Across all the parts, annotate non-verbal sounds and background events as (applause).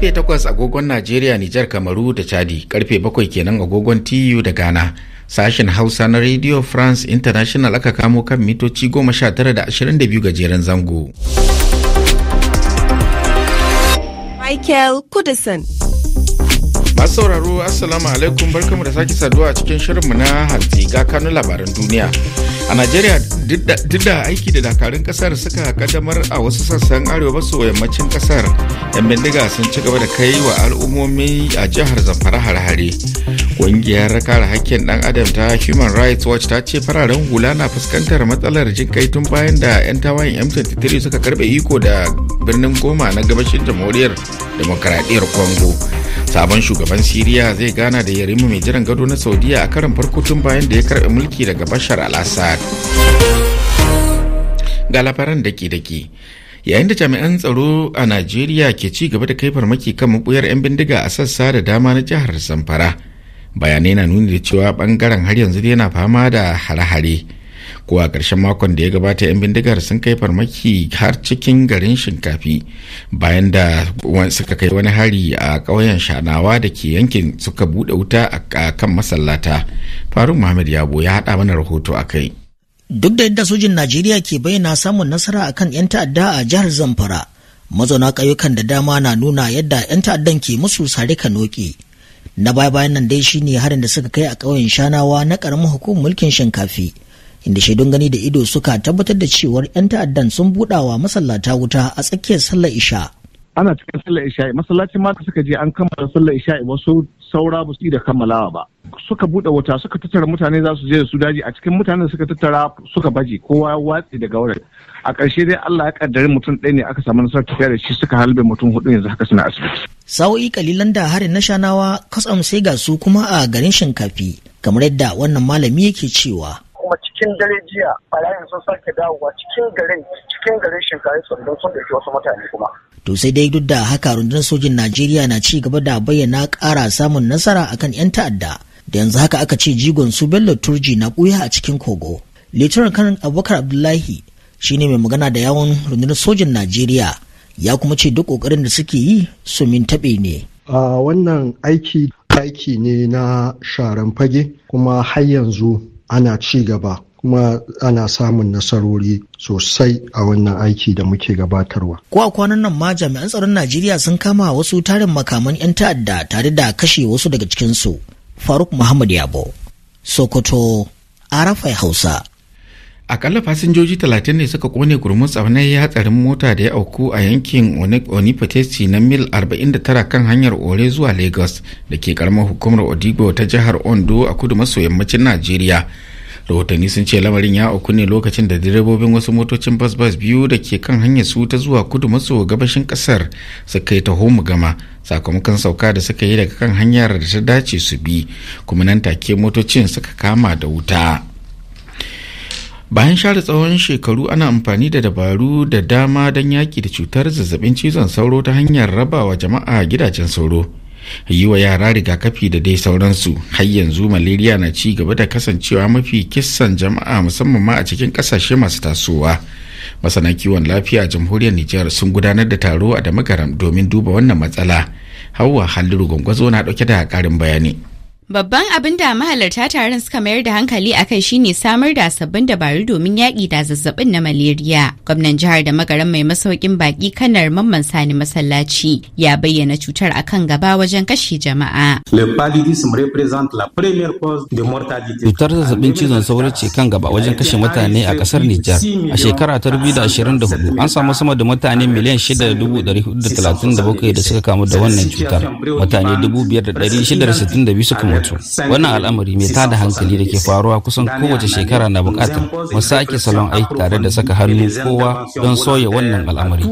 karfe takwas agogon Najeriya, Nijar, Kamaru da Chadi, karfe 7 kenan agogon TU da Ghana. Sashen Hausa na Radio France International aka kamo kan mitoci goma sha tara da 22 gajeren zango. Michael Kudison. Masu sauraro Assalamu alaikum barkamu da sake saduwa a cikin shirinmu na hantsi ga kanun labaran duniya. A Najeriya duk da aiki da dakarun kasar suka kaddamar a wasu sassan arewa maso yammacin kasar yan bindiga sun ci gaba da kai wa al'ummomi a jihar zamfara har hare Ƙungiyar kare hakkin dan adam ta Human Rights Watch ta ce fararen hula na fuskantar matsalar jin kai tun bayan da 'yan tawayen M23 suka karbe iko da birnin Goma na gabashin jamhuriyar demokaradiyyar Congo. Sabon shugaban Siriya zai gana da Yarima mai jiran gado na Saudiya a karin farko tun bayan da ya karbe mulki daga Bashar al-Assad. Ga labaran daki-daki. yayin da jami'an tsaro a najeriya ke ci gaba da kai farmaki kan mabuyar 'yan bindiga a sassa da dama na jihar zamfara bayanai na nuni da cewa bangaren har yanzu yana fama da hare-hare ko a ƙarshen makon da ya gabata 'yan bindigar sun kai farmaki har cikin garin shinkafi bayan da suka kai wani hari a ƙauyen shanawa da ke yankin suka buɗe wuta a kan masallata faruk muhammad yabo ya haɗa mana rahoto a kai duk da yadda sojin najeriya ke bayyana samun nasara a kan 'yan ta'adda a jihar zamfara mazauna ƙauyukan da dama na nuna yadda 'yan ta'addan ke musu sare ka noƙe. na baya bayan nan dai shine harin da suka kai a ƙauyen shanawa na ƙaramin hukumar mulkin shinkafi inda shaidun gani da ido suka tabbatar da cewar 'yan ta'addan sun buɗawa masallata wuta a tsakiyar sallar isha ana cikin sallar isha'i masallacin mata suka je an kammala sallar isha'i wasu saura ba su da kammalawa ba suka buɗe wuta suka tattara mutane za su je da su daji a cikin mutanen suka tattara suka baje kowa watsi daga wurin a ƙarshe dai Allah ya kaddari mutum ɗaya ne aka samu nasarar tafiya da shi suka halbe mutum hudu yanzu haka suna asibiti sa'o'i kalilan da harin na shanawa kasam sai ga su kuma a garin shinkafi kamar yadda wannan malami yake cewa kuma cikin dare jiya barayin sun sake dawowa cikin garin cikin garin shinkafi don sun dauki wasu mutane kuma to sai dai duk da haka rundunar sojin najeriya na ci gaba da bayyana ƙara samun nasara akan 'yan ta'adda da yanzu haka aka ce jigon su bello turji na ɓuya a cikin kogo Lituran kanan abubakar abdullahi shine mai magana da yawon rundunar sojin najeriya ya kuma ce duk ƙoƙarin da suke yi su min taɓe ne. a wannan aiki aiki ne na sharan fage kuma har yanzu ana ci gaba kuma ana samun nasarori sosai a wannan aiki da muke gabatarwa. Ko a kwanan nan ma jami'an tsaron Najeriya sun kama wasu tarin makaman 'yan ta'adda tare da kashe wasu daga cikinsu. Faruk Muhammad Yabo, Sokoto, Arafai Hausa. akalla fasinjoji 30 ne suka kone gurmun tsaunai ya hatsarin mota da ya auku a yankin onipotesi na mil 49 kan hanyar ore zuwa lagos da ke karamar hukumar odigbo ta jihar ondo a kudu maso yammacin najeriya rahotanni sun ce lamarin ya auku ne lokacin da direbobin wasu motocin bas-bas biyu da ke kan hanyar su ta zuwa kudu maso gabashin kasar suka yi taho gama sakamakon sauka da suka yi daga kan hanyar da ta dace su bi kuma nan take motocin suka kama da wuta bayan share tsawon shekaru ana amfani da dabaru da dama don yaƙi da cutar zazzabin cizon sauro ta hanyar rabawa jama'a gidajen sauro yi wa yara rigakafi da dai sauransu har yanzu malaria na ci gaba da kasancewa mafi kisan jama'a musamman ma a cikin ƙasashe masu tasowa masana kiwon lafiya a jamhuriyar nijar sun gudanar da taro a damagaram domin duba wannan matsala hawa halliru gwangwazo na ɗauke da ƙarin bayani Babban abin da mahalarta taron suka mayar da hankali a kai shine samar da sabbin dabaru domin yaƙi da zazzabin na maleriya. Gwamnan jihar da magaran mai masaukin baki kanar mamman sani masallaci ya bayyana cutar a kan gaba wajen kashe jama'a. Cutar zazzabin cizon sauro ce kan gaba wajen kashe mutane a ƙasar Nijar. A shekara ta hudu, an samu sama da mutane miliyan shida da suka kamu da wannan cutar. Mutane biyu suka rahoto wannan al'amari mai tada hankali da ke faruwa kusan kowace shekara na bukatar mu sake salon aiki tare da saka hannu kowa don sauya wannan al'amari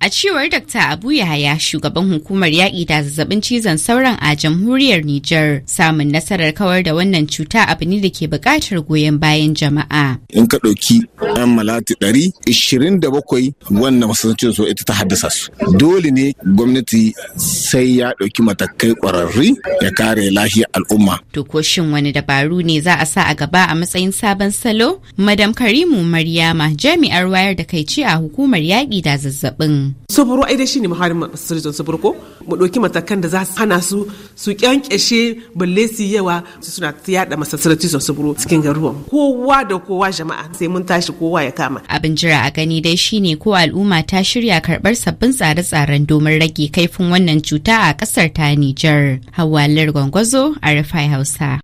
a cewar dr abu yahaya shugaban hukumar yaƙi da zazzabin cizon sauran a jamhuriyar niger samun nasarar kawar da wannan cuta abu ne da ke bukatar goyon bayan jama'a in ka ɗauki 'yan malati ɗari ishirin da bakwai wannan masasancin so ita ta haddasa su dole ne gwamnati sai ya ɗauki matakai kwararri ya kare lahiyar al'umma. To wani dabaru ne za a sa a gaba a matsayin sabon salo? Madam Karimu Maryama jami'ar wayar da kai ce a hukumar yaƙi da zazzabin. Saburo ai dai shine su sirjin saburo ko mu ɗauki matakan da za su hana su su kyankyashe balle su yawa su suna yaɗa masa sirjin saburo cikin garuwan. Kowa da kowa jama'a sai mun tashi kowa ya kama. Abin jira a gani dai shine ko al'umma ta shirya karɓar sabbin tsare-tsaren domin rage kaifin wannan cuta a ƙasar ta Nijar. Jihar Hawa Lirgwangwazo a Rufai Hausa.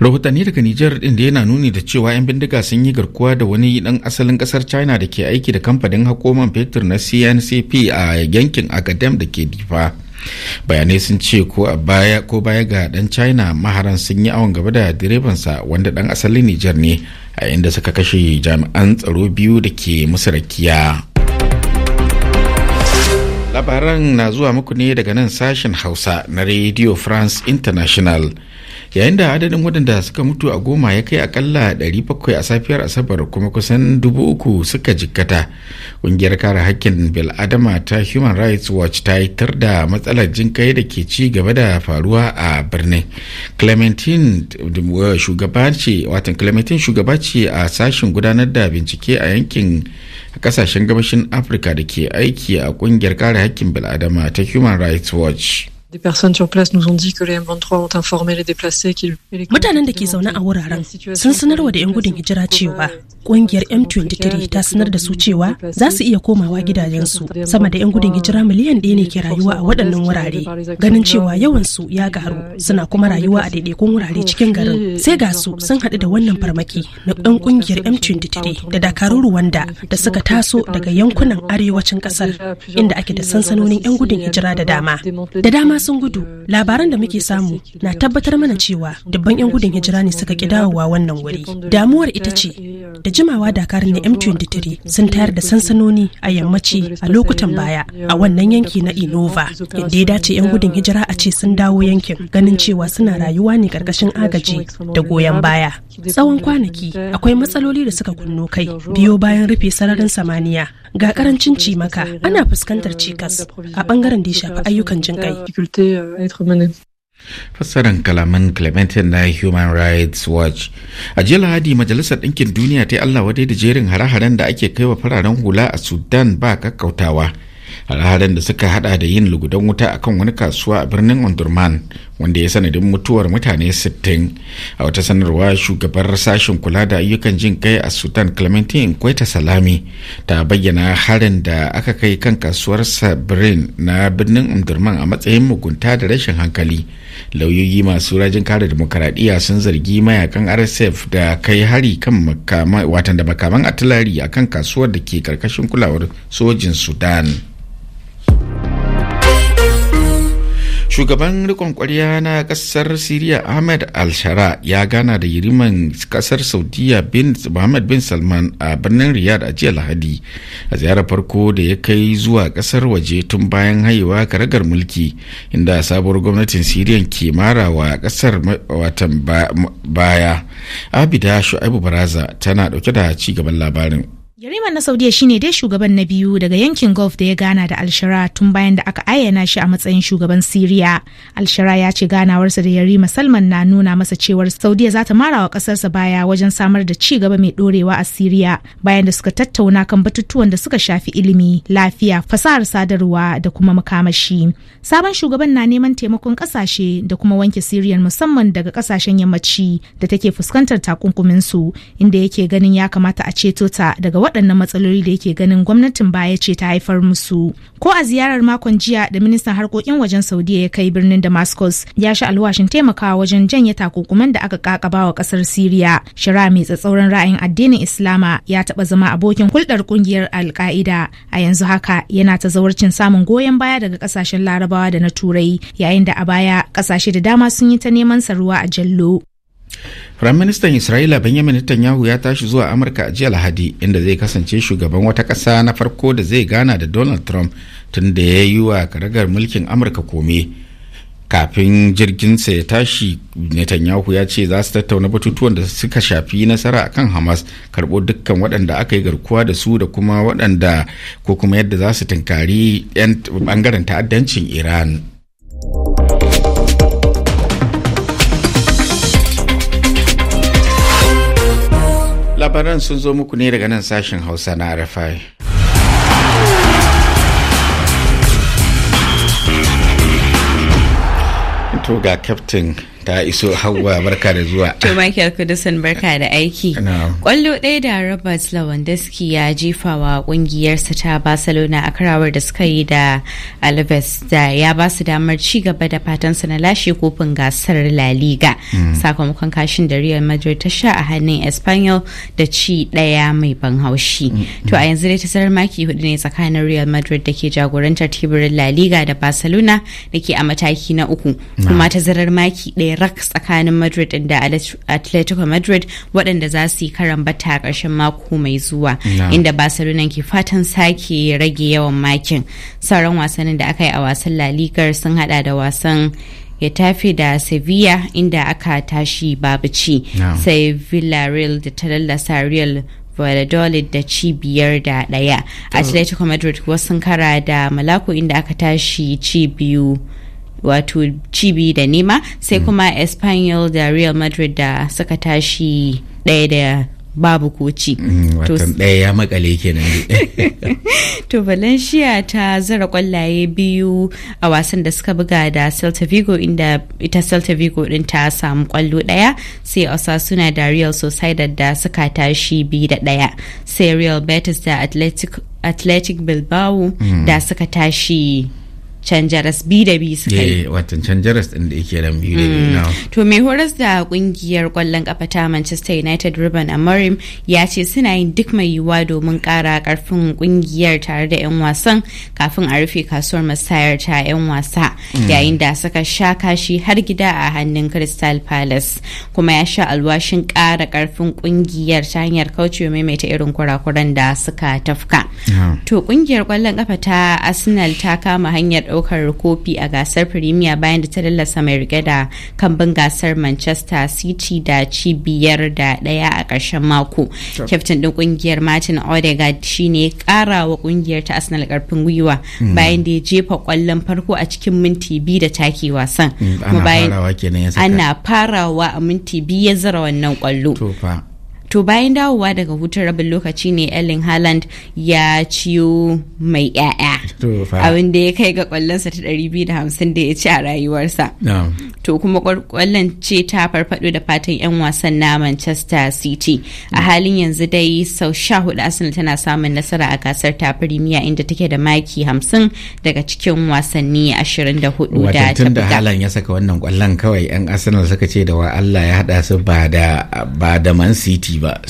rahotanni daga Nijar din da yana nuni da cewa 'yan bindiga sun yi garkuwa da wani dan asalin kasar China da ke aiki da kamfanin hakoman fetur na CNCP a yankin Agadem da ke Difa. Bayanai sun ce ko a baya ko baya ga dan China maharan sun yi awon gaba da direbansa wanda dan asalin Nijar ne a inda suka kashe jami'an tsaro biyu da ke musu rakiya. labaran na zuwa muku ne daga nan sashen hausa na radio france international yayin da adadin waɗanda suka mutu a goma ya kai akalla 700 a safiyar asabar kuma kusan dubu uku suka jikkata ƙungiyar kare hakkin bil'adama ta human rights watch ta tar da matsalar jin kai da ke ci gaba da faruwa a birnin eh, clementine shugaba ce a sashen gudanar da bincike a yankin a kasashen gabashin afirka da ke aiki a kungiyar kare hakkin bil'adama ta human rights watch Des personnes sur place nous ont dit que les M23 ont informé les déplacés qu'ils Mutanen da ke zaune a wuraren sun sanarwa da 'yan gudun hijira cewa kungiyar M23 ta sanar da su cewa za su iya komawa gidajensu sama da 'yan gudun hijira miliyan ɗaya ne ke rayuwa a waɗannan wurare ganin cewa yawan su ya garu suna kuma rayuwa a daidaikun wurare cikin garin sai ga su sun haɗu da wannan farmaki na ɗan kungiyar M23 da dakarun Rwanda da suka taso daga yankunan arewacin ƙasar inda ake da sansanonin 'yan gudun hijira da dama da dama dama sun gudu labaran da muke samu na tabbatar mana cewa dubban 'yan gudun hijira ne suka ki dawowa wannan wuri damuwar ita ce da jimawa dakarin na m23 sun tayar da sansanoni a yammaci a lokutan baya a wannan yanki na inova inda ya dace 'yan gudun hijira a ce sun dawo yankin ganin cewa suna rayuwa ne karkashin agaji da goyon baya tsawon kwanaki akwai matsaloli da suka kunno kai biyo bayan rufe sararin samaniya ga karancin cimaka ana fuskantar cikas a bangaren da ya shafi ayyukan jin kai difficultés euh, à être menées. kalaman clementine na human rights watch a jiya lahadi majalisar ɗinkin duniya ta yi allah wadai da jerin hare-haren da ake kai wa fararen hula a sudan ba kakkautawa alharin da suka hada da yin lugudan wuta akan wani kasuwa a birnin ondurman wanda ya sanadin mutuwar mutane 60 a wata sanarwa shugabar sashin kula da ayyukan jin kai a sudan clementine kwaita salami ta bayyana harin da aka kai kan kasuwar sabrin na birnin ondurman a matsayin mugunta da rashin hankali lauyoyi masu rajin kare demokaradiyya sun zargi mayakan rsf da kai hari kan watan makaman atilari akan kasuwar da ke karkashin kulawar sojin sudan shugaban rikon kwarya na kasar siriya ahmed al-shara ya gana da yiriman kasar saudiya bin muhammad bin salman a birnin riyadh a jiya lahadi a ziyarar farko da ya kai zuwa kasar waje tun bayan haihuwa karagar mulki inda sabuwar gwamnatin siriyan ke mara wa kasar watan baya abida shu'aibu baraza tana dauke da ci gaban labarin Yariman na Saudiya shine dai shugaban na biyu daga yankin Gulf da ya gana da Alshara tun bayan da aka ayyana shi a matsayin shugaban Siriya. Alshara ya ce ganawarsa da Yarima Salman na nuna masa cewar Saudiya za ta mara wa kasarsa baya wajen samar da ci gaba mai dorewa a Siriya bayan da suka tattauna kan batutuwan da suka shafi ilimi, lafiya, fasahar sadarwa da kuma makamashi. Sabon shugaban na neman taimakon kasashe da kuma wanke siriyar musamman daga kasashen yammaci da take fuskantar takunkuminsu inda yake ganin ya kamata a ceto ta daga waɗannan matsaloli da yake ganin gwamnatin baya ce ta haifar musu ko a ziyarar makon jiya da ministan harkokin wajen saudiya ya kai birnin damascus ya sha alwashin taimakawa wajen janye takunkuman da aka kakaba wa kasar siriya shira mai tsatsauran ra'ayin addinin islama ya taɓa zama abokin hulɗar ƙungiyar alka'ida a yanzu haka yana ta zawarcin samun goyon baya daga ƙasashen larabawa da na turai yayin da a baya ƙasashe da dama sun yi ta neman sa ruwa a jallo Firaministan Isra'ila Benjamin Netanyahu ya tashi zuwa Amurka a jiya Lahadi inda zai kasance shugaban wata ƙasa na farko da zai gana da Donald Trump tun da ya yi wa karagar mulkin Amurka kome. Kafin jirginsa ya tashi Netanyahu ya ce za su tattauna batutuwan da suka shafi nasara a kan Hamas karɓo dukkan waɗanda aka yi garkuwa da su da kuma waɗanda ko kuma yadda za su tunkari 'yan ɓangaren ta'addancin Iran. labaran sun zo muku ne daga nan sashen hausa na rafai to ga kyaftin ta iso hawa barka da zuwa to michael kudusan barka da aiki kwallo ɗaya da robert lewandowski ya jefawa kungiyarsa ta barcelona a karawar da suka yi da alves da ya ba su damar ci gaba da fatansa na lashe kofin gasar la liga hmm. sakamakon kashin da real madrid ta sha a hannun espanyol da ci ɗaya mai ban haushi hmm, hmm. to a yanzu dai tazarar maki hudu ne tsakanin real madrid da ke jagorantar teburin la liga da barcelona da ke a mataki na uku kuma tazarar maki ɗaya rak tsakanin madrid da atletico madrid waɗanda za su yi karan bata a ƙarshen mako mai zuwa inda barcelona ke fatan sake rage yawan makin sauran wasannin da aka yi a wasan la liga sun hada da wasan ya tafi da sevilla inda aka tashi babu ci sai villarreal da ta lallasa real valladolid da cibiyar da daya atletico madrid wasu kara da malaku inda aka tashi ci biyu wato cibi da nema sai mm. kuma espanyol da real madrid da suka tashi ɗaya da babu koci. Mm, watan ɗaya ya makale kenan (laughs) (laughs) to valencia ta zara kwallaye biyu a wasan da suka buga da celta vigo inda ita celta vigo din ta samu kwallo ɗaya sai osasuna da real sociedad da suka tashi biyu da ɗaya sai real betis da athletic, bilbao mm. da suka tashi canjaras b da bi suka yi watan canjaras din da yake biyu da biyu to mai horas da kungiyar kwallon kafa ta Manchester United Ruben Amorim ya ce suna yin duk mai yiwuwa domin kara karfin kungiyar tare da yan wasan kafin a rufe kasuwar masayar ta yan wasa mm. yayin da suka sha kashi har gida a hannun Crystal Palace kuma ya sha alwashin kara karfin kungiyar ta hanyar kaucewa ta irin kurakuran da suka tafka to kungiyar kwallon kafa ta Arsenal ta kama hanyar daukar kofi a gasar Premier bayan da ta lallasa mai rike da kambin gasar Manchester City da cibiyar da daya a ƙarshen mako. Kyaftin din kungiyar Martin Odegaard shine ya kara wa kungiyar ta Arsenal karfin gwiwa mm. bayan da ya jefa kwallon farko a cikin minti biyu da take wasan. Mm, ana farawa a minti biyu ya zara wannan kwallo. to bayan dawowa daga hutun rabin lokaci ne ellen haaland ya ciyo mai yaya abin da ya kai ga kwallonsa ta 250 da ya ci a rayuwarsa to kuma kwallon ce ta farfado da fatan 'yan wasan na manchester city a halin yanzu dai sau sha hudu arsenal tana samun nasara a gasar ta premier inda take da maki 50 daga cikin wasanni 24 da ta da ya saka wannan kwallon kawai 'yan arsenal suka ce da wa allah ya hada su ba da city ba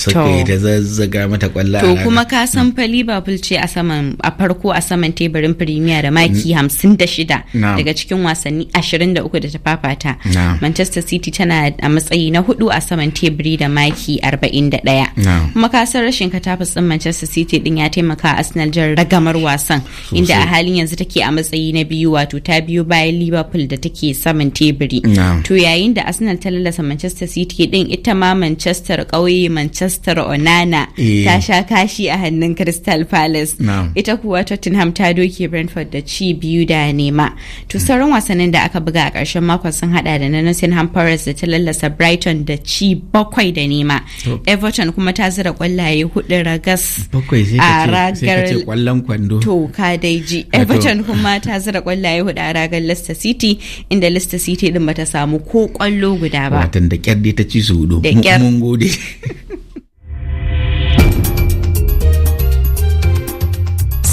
ta zazzaga mata kwallo to kuma ka san fa Liverpool ce a saman a farko a saman teburin Premier da maki 56 mm. daga cikin wasanni 23 da ta fafata Manchester City tana a matsayi na hudu a saman teburi da maki 41 kuma ka san rashin tafi tsin Manchester City din ya taimaka Arsenal jan ragamar wasan inda a halin yanzu take a matsayi na biyu wato ta biyu bayan Liverpool da take saman teburi to yayin da Arsenal ta lalasa Manchester City din ita ma Manchester kauye Manchester Onana eh. ta sha kashi a hannun Crystal Palace. Ita kuwa Tottenham ta doke Brentford da ci biyu da nema. To sauran wasannin da aka buga a ƙarshen makon sun hada da na Nottingham Forest da ta lallasa Brighton da ci bakwai da nema. Everton kuma ta zira kwallaye hudu ragas a ragar kwallon kwando. To ka dai ji. Everton kuma ta zira kwallaye hudu a ragar Leicester City inda Leicester City din bata samu ko kwallo guda ba. Watan da kyar dai ta ci su hudu. Da kyar. Mun gode.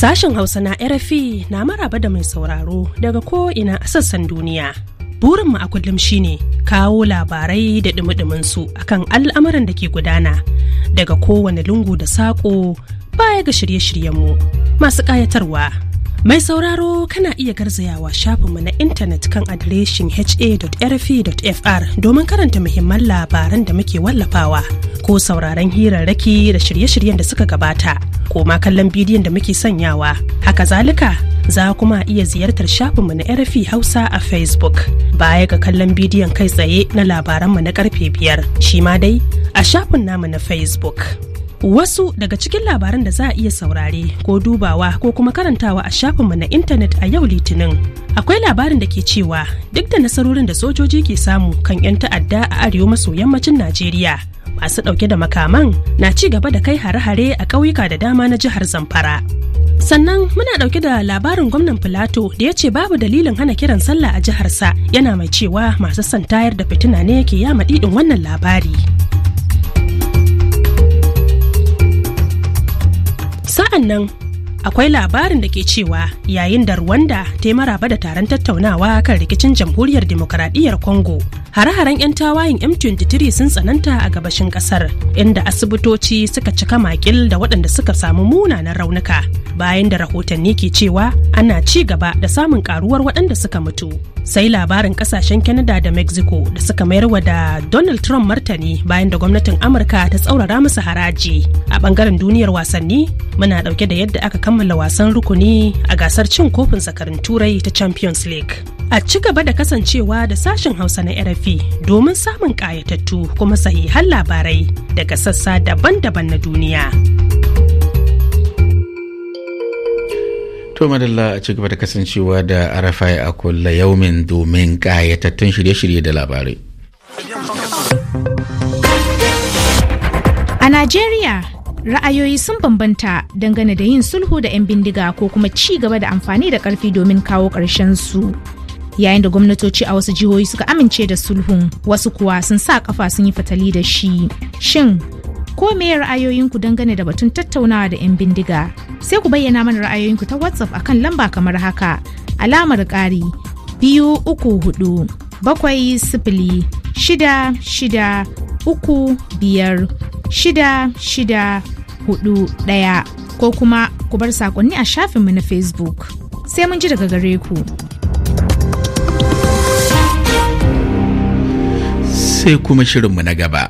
Sashen Hausa na RFI na maraba da mai sauraro daga ko ina a sassan duniya. Burinmu a kullum shine kawo labarai da dumi su akan al'amuran da ke gudana daga kowane lungu da saƙo baya ga shirye-shiryenmu masu ƙayatarwa. Mai sauraro kana iya garzayawa shafinmu na intanet kan adireshin ha.rf.fr domin karanta muhimman labaran da muke wallafawa ko sauraron hirarraki da shirye-shiryen da suka gabata ko ma kallon bidiyon da muke sanyawa. Haka zalika za kuma iya ziyartar shafinmu na RFI Hausa a Facebook baya ga kallon bidiyon kai tsaye na labaranmu na karfe biyar shi ma dai a shafin namu na Facebook. Wasu daga cikin labaran da za a iya saurare ko dubawa ko kuma karantawa a shafinmu na intanet a yau litinin. Akwai labarin da ke cewa duk da nasarorin da sojoji ke samu kan 'yan ta'adda a arewa maso yammacin Najeriya. Masu ɗauke da makaman na ci gaba da kai hare-hare a ƙauyuka da dama na jihar Zamfara. sannan muna ɗauke da labarin gwamnan filato da ya ce babu dalilin hana kiran sallah a jiharsa yana mai cewa masu son tayar da fitina ne ke yama didin wannan labari sa'an nan akwai labarin da ke cewa yayin da rwanda ta yi maraba da taron tattaunawa kan rikicin jamhuriyar demokaradiyyar congo hare-haren 'yan tawayen m23 sun tsananta a gabashin kasar inda asibitoci suka cika makil da waɗanda suka samu munanan raunuka bayan da rahotanni ke cewa ana ci gaba da samun karuwar waɗanda suka mutu sai labarin kasashen canada da mexico da suka mayar wa da donald trump martani bayan da gwamnatin amurka ta tsaurara masa haraji a bangaren duniyar wasanni muna dauke da yadda aka kammala wasan rukuni a gasar cin kofin zakarin turai ta champions league a ci gaba da kasancewa da sashen hausa na rfi domin samun kayatattu kuma sahihan labarai daga sassa daban-daban na duniya. To madalla a cigaba da kasancewa da Arafai a kulla yaumin domin ƙayatattun shirye-shirye da labarai. A Najeriya ra'ayoyi sun bambanta dangane da yin sulhu da 'yan bindiga ko kuma ci gaba da amfani da ƙarfi domin kawo ƙarshen su. Yayin da gwamnatoci a wasu jihohi suka amince da sulhun, wasu kuwa sun sa kafa sun yi fatali da shi. Shin ko me ra'ayoyinku dangane da batun tattaunawa da 'yan bindiga sai ku bayyana mana ra'ayoyinku ta whatsapp akan lamba kamar haka alamar ƙari biyu uku hudu bakwai sifili shida shida uku biyar shida shida hudu ɗaya ko kuma ku bar sakonni a shafinmu na facebook sai mun ji daga gare ku sai kuma shirinmu na gaba